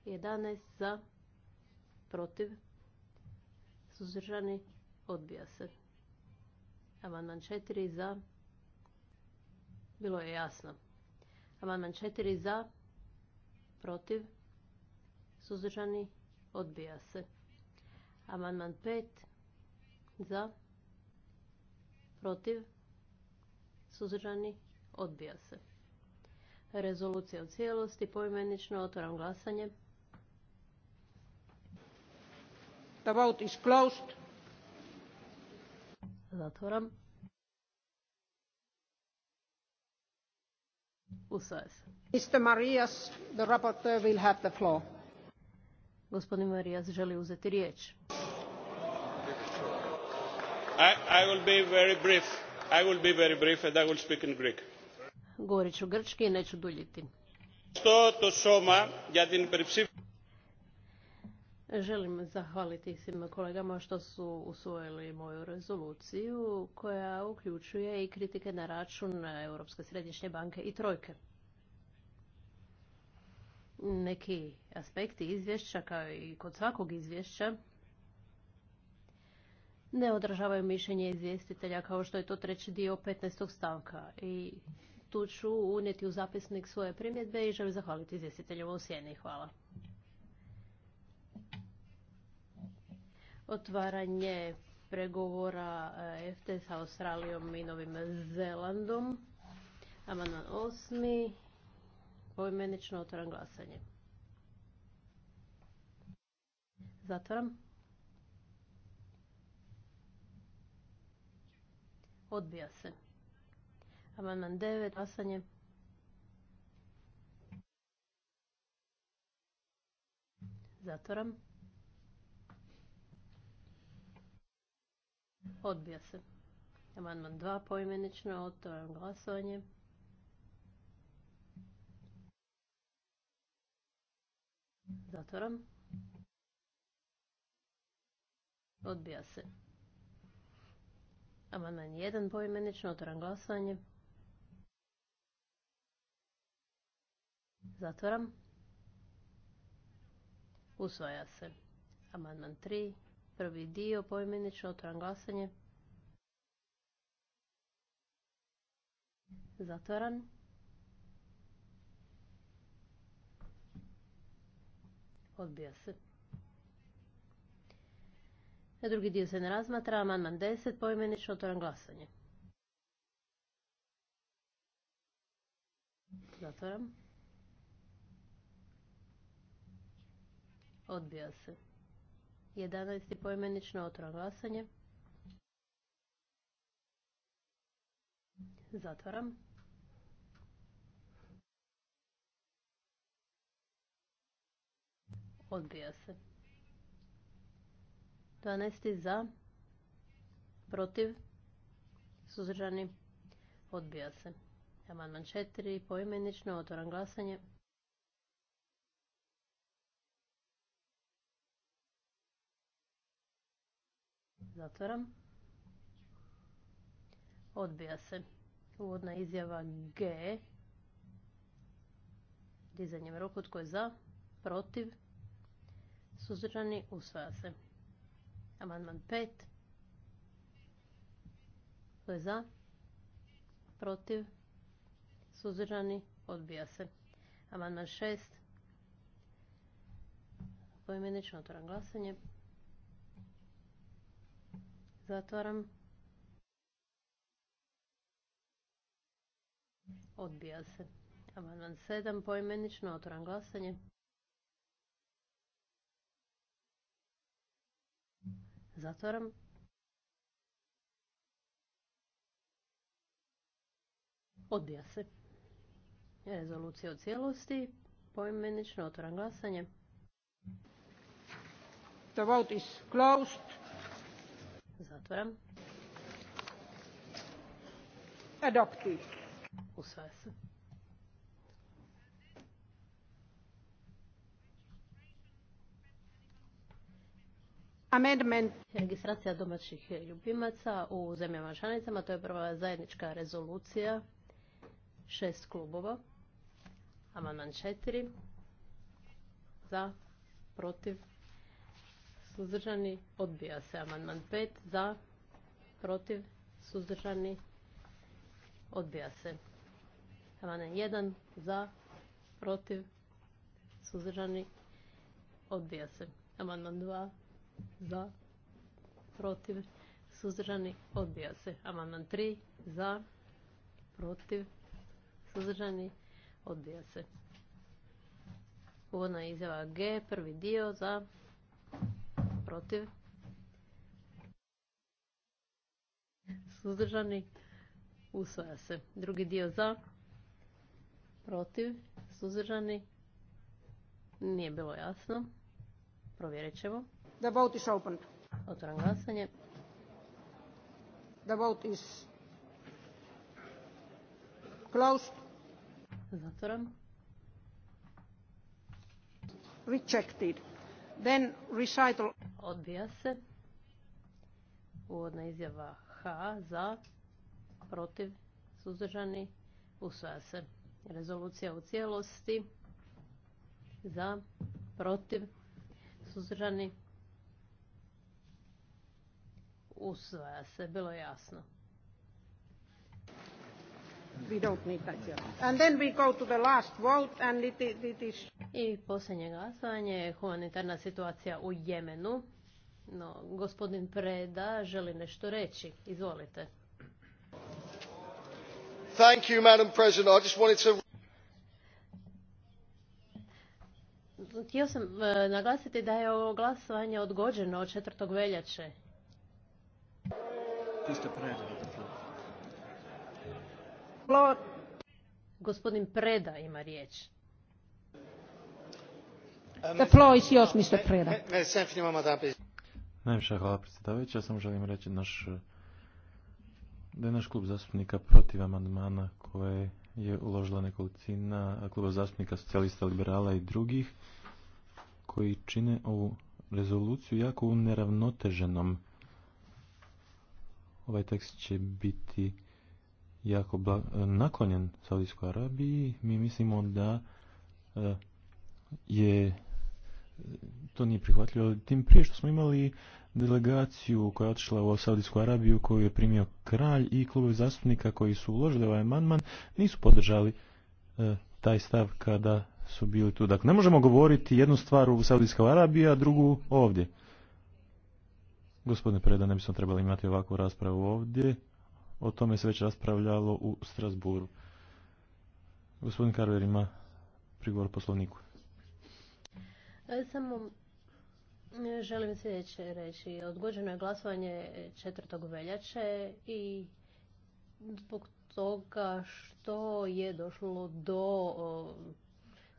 A: 11 za. Protiv. Suzdržani. Odbija se. Amandman 4 za. Bilo je jasno. Amandman 4 za. Protiv. Suzdržani. Odbija se. Amandman 5 za. Protiv. Suzdržani. Odbija se. Rezolucija u cijelosti. Poimenično otvoram glasanje. The vote is closed. Zatvoram. Usvaja se. Mr. Marias, the rapporteur will have the floor. Gospodin Marijas želi uzeti riječ. I, Govorit ću grčki i neću duljiti. Želim zahvaliti svim kolegama što su usvojili moju rezoluciju koja uključuje i kritike na račun Europske središnje banke i trojke. Neki aspekti izvješća kao i kod svakog izvješća ne odražavaju mišljenje izvjestitelja kao što je to treći dio 15. stavka. I tu ću unijeti u zapisnik svoje primjedbe i želim zahvaliti izvjestitelju u sjeni. Hvala. Otvaranje pregovora eh, FT sa Australijom i Novim Zelandom. Amandman osmi. Poimenično otvaram glasanje. Zatvaram. Odbija se. Amandman 9. Glasanje. Zatvoram. Odbija se. Amandman 2 poimenično. Otvoram glasovanje. Zatvoram. Odbija se. Amandman 1 poimenično, otvoram glasovanje. Zatvoram. Usvaja se. Amandman 3, prvi dio poimenično, otvoram glasanje. Zatvoran. Odbija se. Drugi dio se ne razmatra. Amandman 10. Poimenično otvoram glasanje. Zatvoram. Odbija se. 11. Poimenično otvoran glasanje. Zatvaram. Odbija se. 12. za, protiv, suzdržani, odbija se. Amandman 4. Poimenično otvoram glasanje. Zatvaram. Odbija se. Uvodna izjava G. Dizanjem ruku tko je za, protiv, suzdržani, usvaja se. Amandman 5. Tko je za? Protiv? Suzdržani? Odbija se. Amandman 6. Poimenično otvoram glasanje. Zatvaram. Odbija se. Amandman 7. Poimenično otvoram glasanje. Zatvaram. Odbija se. Rezolucija u cijelosti. Poimenično otvoram glasanje. The vote is closed. Zatvaram.
C: Adopted. Usvaja se.
A: Amendment. Registracija domaćih ljubimaca u zemljama članicama, to je prva zajednička rezolucija, šest klubova. Amandman četiri, za, protiv, suzdržani, odbija se. Amandman pet, za, protiv, suzdržani, odbija se. Amandman jedan, za, protiv, suzdržani, odbija se. Amandman dva, za, protiv, suzdržani, odbija se. Amandman 3 za, protiv, suzdržani, odbija se. Uvodna izjava G, prvi dio za, protiv, suzdržani, usvaja se. Drugi dio za, protiv, suzdržani, nije bilo jasno. Provjerit ćemo. The vote is Otvaram glasanje. The vote is closed. Zatvaram. Rejected. Odbija se. Uvodna izjava H za, protiv, suzdržani, usvaja se. Rezolucija u cijelosti za, protiv, suzdržani, Usvaja se, bilo jasno. I posljednje glasovanje je humanitarna situacija u Jemenu. No, gospodin Preda želi nešto reći. Izvolite.
B: Thank you, Madam President. I just wanted to...
A: Htio sam e, naglasiti da je ovo glasovanje odgođeno od 4. veljače Gospodin Preda ima riječ. The floor is yours, Mr. Preda.
D: Najviše hvala predsjedavajuća. Ja samo želim reći naš, da je naš klub zastupnika protiv amandmana koje je uložila nekolicina kluba zastupnika socijalista, liberala i drugih koji čine ovu rezoluciju jako u neravnoteženom Ovaj tekst će biti jako e, naklonjen Saudijskoj Arabiji. Mi mislimo da e, je e, to nije prihvatljivo. Tim prije što smo imali delegaciju koja je otišla u Saudijsku Arabiju koju je primio kralj i klubovi zastupnika koji su uložili ovaj amandman nisu podržali taj stav kada su bili tu. Dakle, ne možemo govoriti jednu stvar u Saudijskoj Arabiji, a drugu ovdje. Gospodine Preda, ne bismo trebali imati ovakvu raspravu ovdje. O tome se već raspravljalo u Strasburu. Gospodin Karver ima prigovor poslovniku.
A: E, samo želim sljedeće reći. Odgođeno je glasovanje 4. veljače i zbog toga što je došlo do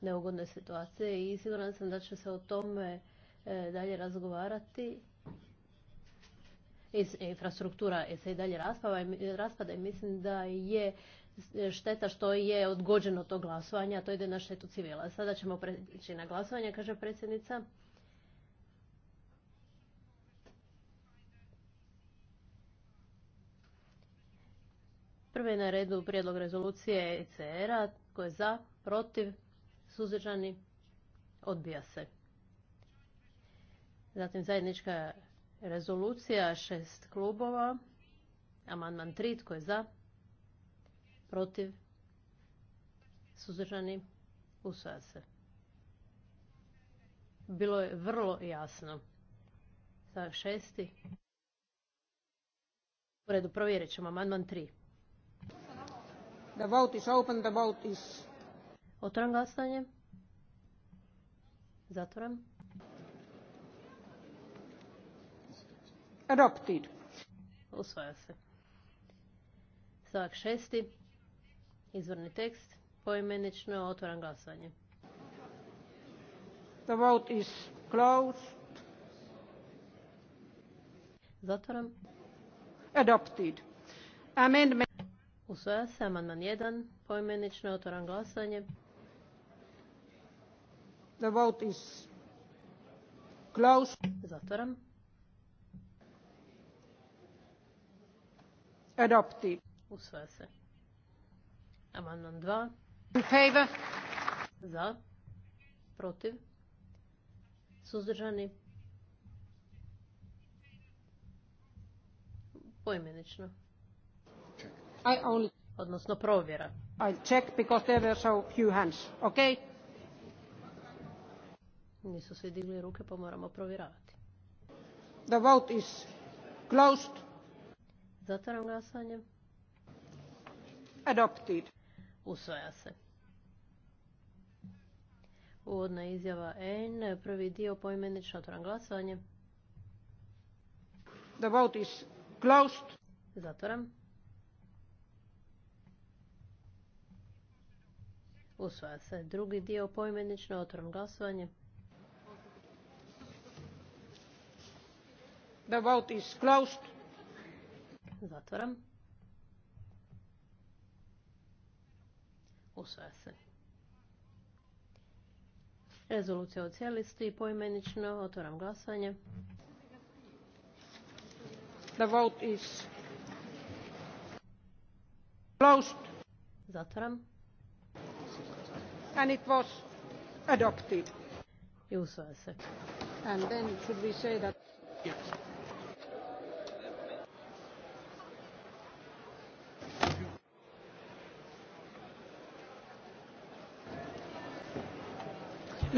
A: neugodne situacije i siguran sam da će se o tome e, dalje razgovarati infrastruktura se i dalje raspada i mislim da je šteta što je odgođeno to glasovanje, a to ide na štetu civila. Sada ćemo preći na glasovanje, kaže predsjednica. Prvi je na redu prijedlog rezolucije ECR-a, tko je za, protiv, suzdržani, odbija se. Zatim zajednička Rezolucija šest klubova. Amandman tri. Tko je za? Protiv? Suzdržani? Usvaja se. Bilo je vrlo jasno. Sa šesti. U redu, provjerit ćemo. Amandman tri. The vote is open, the vote is... Otvoram glasanje. Zatvoram. Adopted. Usvaja se. Stavak šesti. Izvorni tekst. Poimenično otvoran glasanje.
C: The vote is closed.
A: Zatvoram. Adopted. Amendment. Usvaja se amandman 1. Poimenično otvoran glasanje. The vote is closed. Zatvoram. Adopted. Usvaja se. Amandman 2. In favor. Za. Protiv. Suzdržani. Poimenično. I only... Odnosno provjera. I check because there were
C: so few hands. Okay?
A: Nisu svi digli ruke pa moramo provjeravati. The vote is closed. Zatvaram glasanje. Adopted. Usvaja se. Uvodna izjava N, prvi dio poimenično Zatvaram glasovanje. The vote is closed. Zatvaram. Usvaja se. Drugi dio poimenično Otvoram glasovanje. The vote is closed. Zatvaram. Usvaja se. Rezolucija o cijelisti poimenično otvoram glasanje. The vote is closed. Zatvaram. And it was adopted. I usvaja se. And then should we say that... Yes.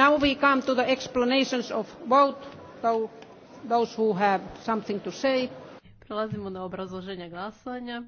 C: now we come to the explanations of vote da those who have
A: something to say Prelazimo na obrazloženje glasovanja.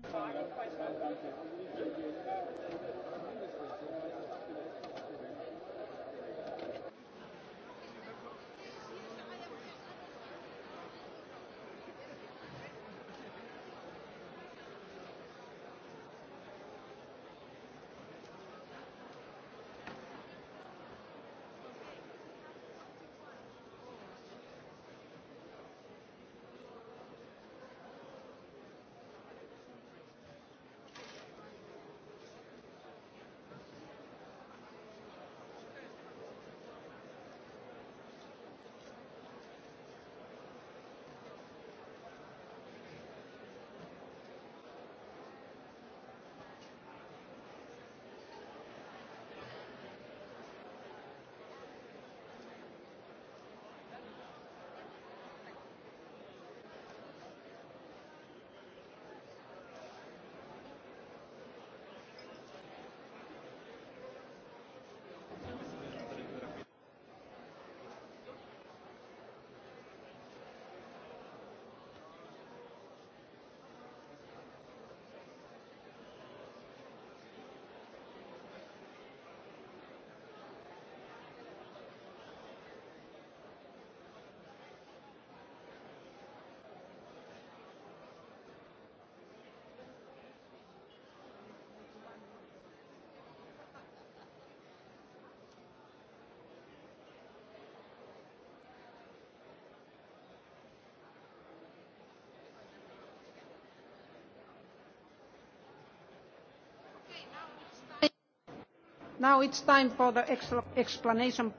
A: time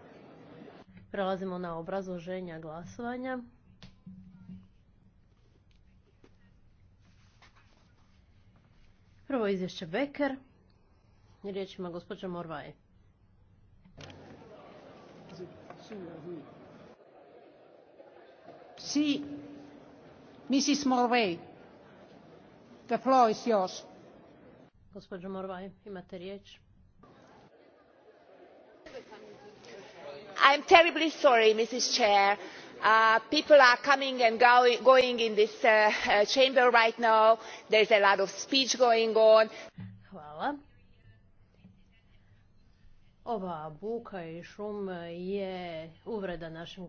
A: Prelazimo na obrazloženja glasovanja. Prvo izvješće Becker. Riječ ima gospođa Morvaje. Si,
C: Mrs. the floor is yours.
A: Morvaj, imate riječ. i am terribly sorry mrs president uh, people are coming and
C: going in this uh, uh, chamber right now there is a lot of speech going on.
A: Ova buka i šum je uvreda našim